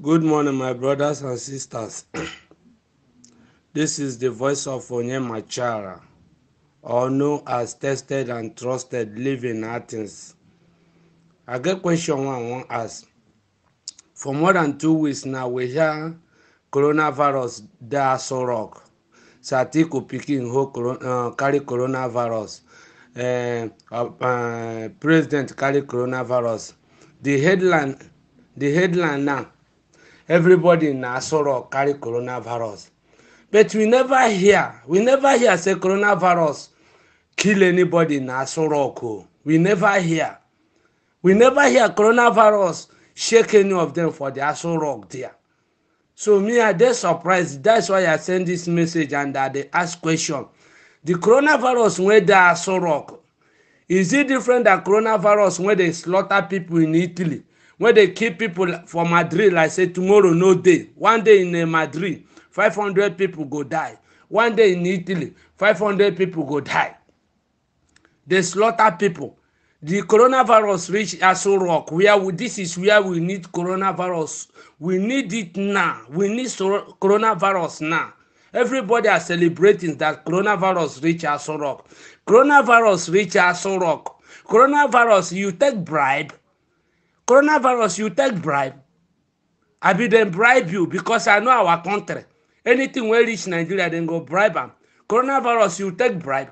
Good morning, my brothers and sisters. this is the voice of Onyemachara, or known as Tested and Trusted Living Athens. I get question one one ask. For more than two weeks now, we hear coronavirus da so rock. Satiku pikin ho uh, carry coronavirus. Eh, uh, uh, president carry coronavirus. The headline, the headline now everybody na Asoro carry coronavirus but we never hear we never hear say coronavirus kill anybody na Asoro. o we never hear we never hear coronavirus shake any of them for the Asoro there. So me, I dey surprised. That's why I send this message and I dey ask question. The coronavirus wey dey Asoro is it different than coronavirus wey dey slaughter people in Italy? when they kill people for madrid like say tomorrow no day one day in uh, madrid five hundred people go die one day in italy five hundred people go die they slaughter people the coronavirus reach aso rock where we this is where we need coronavirus we need it now we need coronavirus now everybody are celebrating that coronavirus reach aso rock coronavirus reach aso rock coronavirus you take bribe Coronavirus, you take bribe. I be them bribe you because I know our country. Anything wey reach Nigeria, dem go bribe am. Coronavirus, you take bribe.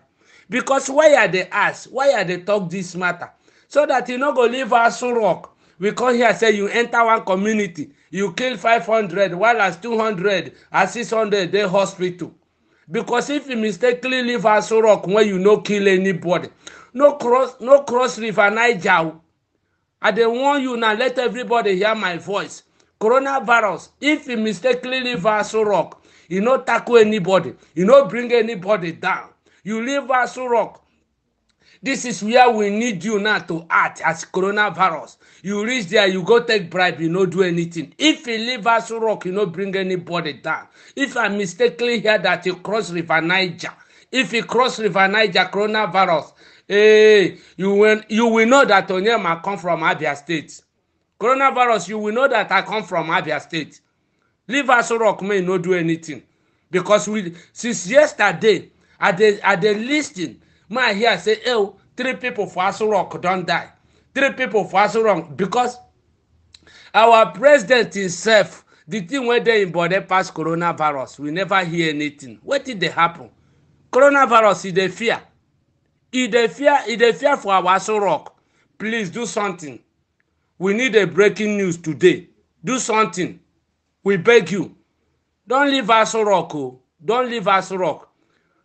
Because why are they ask? Why are they talk this matter? So that you no go leave us rock. We come here say you enter one community, you kill 500 while as 200 as 600 dey hospital. Because if you mistakenly leave Aso Rock when you no kill anybody, no cross no cross river Niger o i dey warn you now let everybody hear my voice coronavirus if e mistakenly leave aso rock e no tackle anybody e no bring anybody down you leave aso rock this is where we need you now to act as coronavirus you reach there you go take bribe you no do anything if you leave aso rock you no bring anybody down if i mistakenly hear that you cross river niger if you cross river niger coronavirus eh, you, will, you will know that onyema come from abia state coronavirus you will know that i come from abia state leave us rock may no do anything because we since yesterday i dey i dey lis ten my hear say oh three people for aso rock don die three people for aso rock because our president himself the thing wey dey im body pass coronavirus we never hear anything wetin dey happen coronavirus e dey fear e dey fear e dey fear for our aso rock please do something we need a breaking news today do something we beg you don leave aso rock o oh. don leave aso rock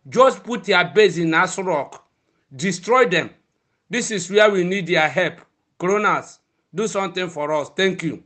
just put their base in aso rock destroy them this is where we need their help coronas do something for us thank you.